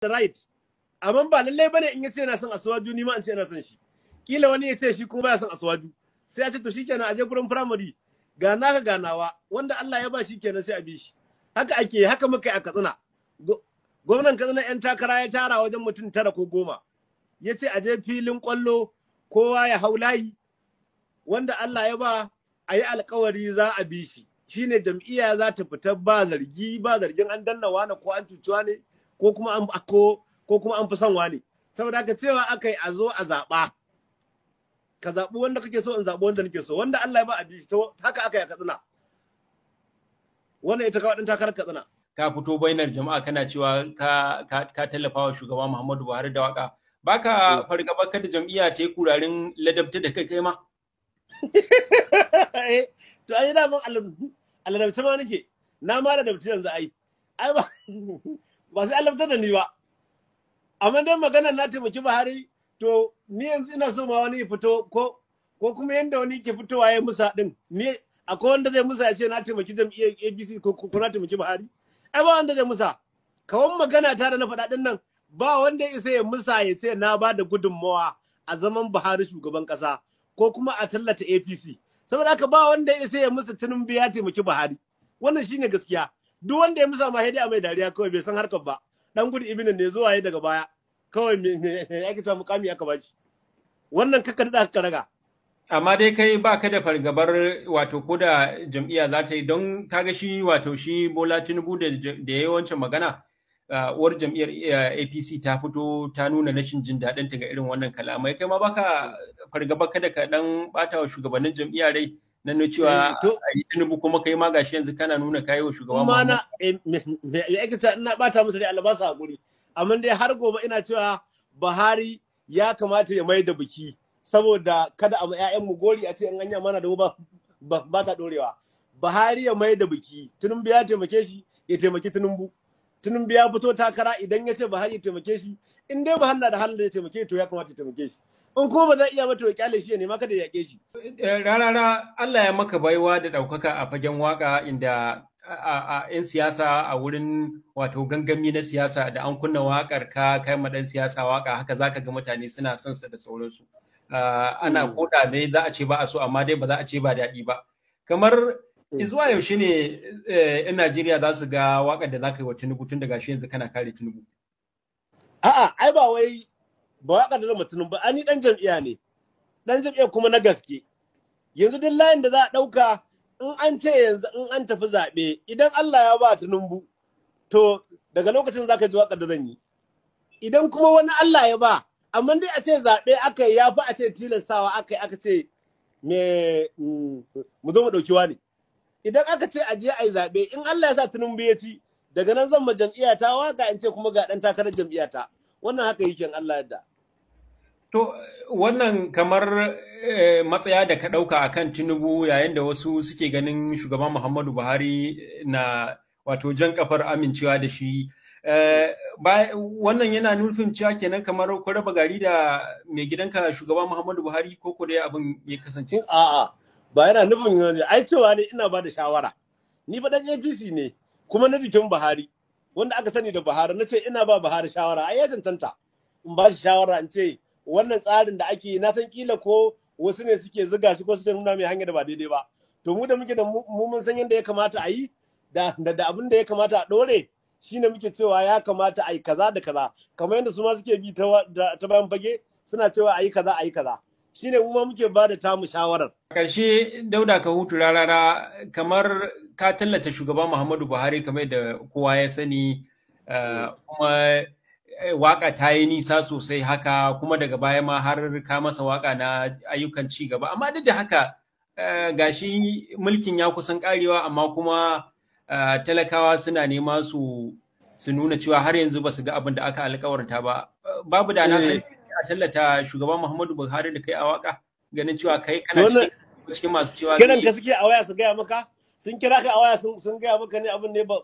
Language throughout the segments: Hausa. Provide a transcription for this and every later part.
the right amma ba lallai bane in yace yana son aswaju ni ma an ce yana son shi kila wani ya ce shi kuma baya son aswaju sai ya ce to shikenan aje gurin primary ga naka ganawa wanda Allah ya ba shi kenan sai a bi shi haka ake haka muka yi a Katsina gwamnan Katsina yan takara ya tara wajen mutum tara ko goma yace ce aje filin kwallo kowa ya hau layi wanda Allah ya ba a yi alkawari za a bi shi shine jam'iyya za ta fita ba zargi ba zargin an danna wani ko an cuci ne ko kuma an ko ko kuma an fi son wani saboda haka cewa akai a zo a zaɓa ka zaɓi wanda kake so in zaɓi wanda nake so wanda Allah ya ba addini to haka akai a katsina wannan ita ka wadin takarar katsina ka fito bainar jama'a kana cewa ka ka, ka tallafa wa shugaba Muhammadu Buhari da waka baka mm. fargaba kada jam'iyya ta yi kurarin ladabta da kai kai ma eh, to ai da mun aladabta ma nake na ma ladabta yanzu ai ai ba ba sai Allah da ni ba amma dan magana na taimaki Buhari to ni yanzu ina so ma wani ya fito ko ko kuma yanda wani ke fitowa ya musa din ni akwai wanda zai musa ya ce na taimaki jam'iyyar ABC ko ko na taimaki Buhari ai ba wanda zai musa kawan magana ta da na faɗa din nan ba wanda ya isa ya musa ya ce na ba da gudunmawa a zaman Buhari shugaban kasa ko kuma a tallata APC saboda haka ba wanda ya isa ya musa tunun biya taimaki Buhari wannan shine gaskiya duk wanda ya musa ma hedi a mai dariya kawai bai san harkar ba dan gudu ibinin ne zuwa ya daga baya kawai me ake cewa mukami aka shi wannan kaka da aka raga amma dai kai ba ka da fargabar wato ko da jam'iyya za ta yi don ga shi wato shi bola tinubu da ya yi wancan magana uwar jam'iyyar apc ta fito ta nuna rashin jin daɗinta ga irin wannan kalamai kai ma baka fargaba kada ka dan ɓata wa shugabannin jam'iyya rai na na cewa eh, a yi kuma kai ma gashi yanzu kana nuna kayi wa shugaban ma na ya eh, ake ina bata musu dai albasa hakuri amma dai har gobe ina cewa Buhari ya kamata ya mai da biki saboda kada a ƴaƴan mu gori a ce an ganya mana da ba ba ta dorewa Buhari ya mai da biki Tinubu ya taimake shi ya taimaki Tinubu Tinubu ya fito takara idan ya ce Buhari ya taimake shi in dai Buhari na da halin da ya taimake to ya kamata ya taimake shi in ko ba za iya mata wa kyale shi ne? Ma kada yaƙe yake shi eh, rarara Allah ya maka baiwa da ɗaukaka a fagen waƙa, inda a 'yan siyasa a wurin wato gangami na siyasa da an kunna waƙar ka kai ma ɗan siyasa waƙa haka za ka ga mutane suna son sa da sauransu ah, ana hmm. koda ne za a ce ba a so amma dai ba za a ce ba daɗi ba kamar hmm. zuwa yaushe ne eh, 'yan Najeriya za su ga waƙar da za ka yi wa Tinubu tun daga shi yanzu kana kare Tinubu. A'a, ai ba wai ba wa kadar mutumin ba ani dan jam'iyya ne dan jam'iyya kuma na gaske yanzu duk layin da za a dauka in an ce yanzu in an tafi zabe idan Allah ya ba tunumbu to daga lokacin zaka ji waƙar da zan yi idan kuma wani Allah ya ba amma dai a ce zabe aka yi fi a ce tilastawa aka aka ce me mm, mu zo mu dauki wani idan aka ce a je a yi zabe in Allah ya sa tunumbu ya ci daga nan zan ma jam'iyyata waka in ce kuma ga ɗan takarar jam'iyyata wannan haka yake Allah yadda To, wannan kamar eh, matsaya da ka ɗauka a kan Tinubu yayin da wasu suke ganin shugaban Muhammadu Buhari eh, na wato jan kafar amincewa da shi. Eh, wannan yana nufin cewa kenan kamar ku raba gari da mai gidanka shugaban Muhammadu Buhari ko ko dai abin ya kasance? A'a, ba yana nufin ai cewa ne ina ba da shawara. Ni ba dan APC ne, kuma na jikin Buhari. wanda aka sani da Buhari na ce ina ba Buhari shawara ai ya cancanta in ba shi shawara in ce wannan tsarin da ake na san kila ko wasu ne suke zuga shi ko suke nuna mai hanya da ba daidai ba to mu da muke da mu mun san yadda ya kamata a yi da da abin da ya kamata a dore shine muke cewa ya kamata a yi kaza da kaza kamar yadda su ma suke bi ta bayan fage suna cewa a yi kaza a yi kaza shine kuma muke ba da tamu shawarar. A ƙarshe dauda ka hutu rarara kamar ka tallata shugaba Muhammadu Buhari kamar da kowa ya sani eh, kuma eh, waka ta yi nisa sosai haka kuma daga baya ma har ka masa waka na ayyukan ci gaba amma duk da haka eh, gashi mulkin ya kusan karewa amma kuma talakawa suna nema su nuna cewa har yanzu ba su ga abin da aka alkawarta ba babu da na sani ka tallata shugaban Muhammadu Buhari da kai a waka ganin cewa kai kana cikin masu cewa kiran ka suke a waya su gaya maka sun kira ka a waya sun sun gaya maka ne abin ne ba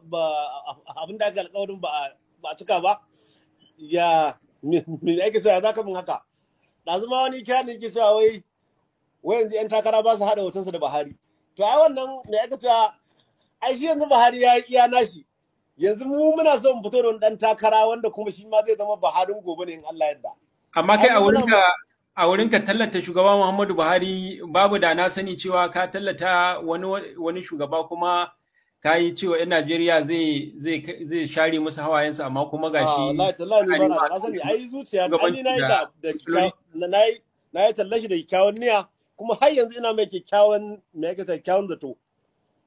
abin da aka alƙawarin ba ba cika ba ya me ake so ya zaka min haka ɗazu ma wani kira ne ke cewa wai wai yanzu yan takara ba su haɗa hotonsa da Buhari to ai wannan me ake cewa ai shi yanzu Buhari ya iya nashi yanzu mu muna son fito da wani ɗan takara wanda kuma shi ma zai zama Buharin gobe ne in Allah yadda Amma kai a wurinka a wurinka tallata shugaba Muhammadu Buhari babu da na sani cewa ka tallata wani wani shugaba kuma ka yi cewa 'yan Najeriya zai zai zai share musu hawayensu amma kuma gashi Allah ah, tallahi ni bana na sani ai zuciya ni na yi da na yi na yi tallashi da kyakkyawan niyya kuma har yanzu ina mai kyakkyawan mai kyakkyawan zato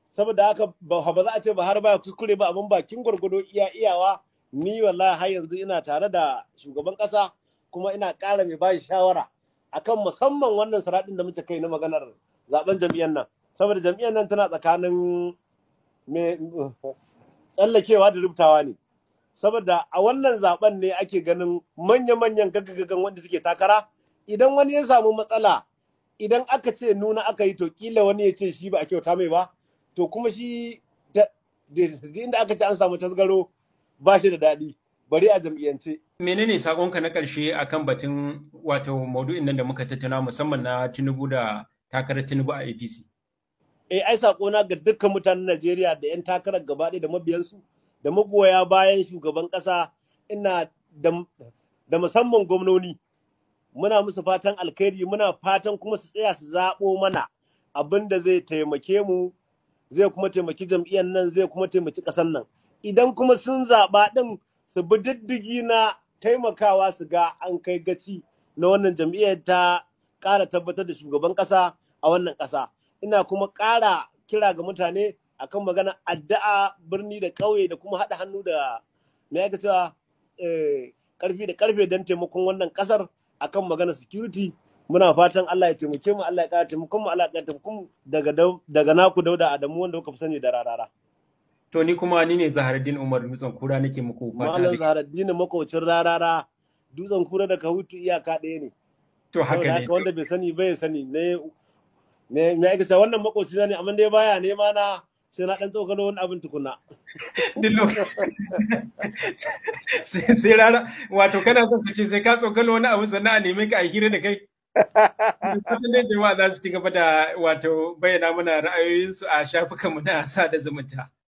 saboda haka ba ba za a ce ba har ba kuskure ba abin bakin gwargwado iya iyawa ni wallahi har yanzu ina tare da shugaban kasa kuma ina ƙara mai bashi shawara akan musamman wannan saraɗin da muke kai na maganar zaben jam'iyyar nan saboda jam'iyyar nan tana tsakanin tsallakewa da rubutawa ne saboda a wannan zaben ne ake ganin manya-manyan gaggagan wanda suke takara idan wani ya samu matsala idan aka ce nuna aka yi to kila wani ya ce shi ba a kyauta mai ba to kuma shi inda aka ce an samu tasgaro ba shi da daɗi bari a jam'iyyance menene sakonka na ƙarshe akan batun wato maudu'in nan da muka tattauna musamman na Tinubu da takarar Tinubu a APC? Eh, ai sakona ga dukkan mutanen Najeriya da 'yan takarar gaba da mabiyansu da magoya bayan shugaban ƙasa ina da musamman gwamnoni. Muna musu fatan alkhairi muna fatan kuma su tsaya su zaɓo mana abin da zai taimake mu zai kuma taimaki jam'iyyar nan zai kuma taimaki ƙasar nan. Idan kuma sun zaɓa ɗin su bi diddigi na taimakawa su ga an kai gaci na wannan jam'iyyar ta ƙara tabbatar da shugaban ƙasa a wannan ƙasa ina kuma ƙara kira ga mutane a kan magana addu'a birni da ƙauye da kuma haɗa hannu da me ake cewa eh, ƙarfi da ƙarfe don taimakon wannan ƙasar kan magana security muna fatan Allah ya taimake mu Allah ya ƙara taimakon mu Allah ya ƙara taimakon mu daga daga naku dauda Adamu wanda kuka fi sani da rarara To ni kuma ni ne Zaharaddin Umar Dutsen Kura nake muku fata. Malam Zaharaddin makocin rarara Dutsen Kura da Kahutu iyaka ɗaya ne. To haka ne. Wanda bai sani bai sani ne ne me yake cewa wannan makoci ne amma dai baya nema na sai na dan tsokano wani abin tukuna. Dillo. Sai rara wato kana son ka ce sai ka tsokano wani abu sannan a neme ka a hira da kai. Kusurin jama'a za su ci gaba da wato bayyana mana ra'ayoyinsu a shafukanmu na sada zumunta.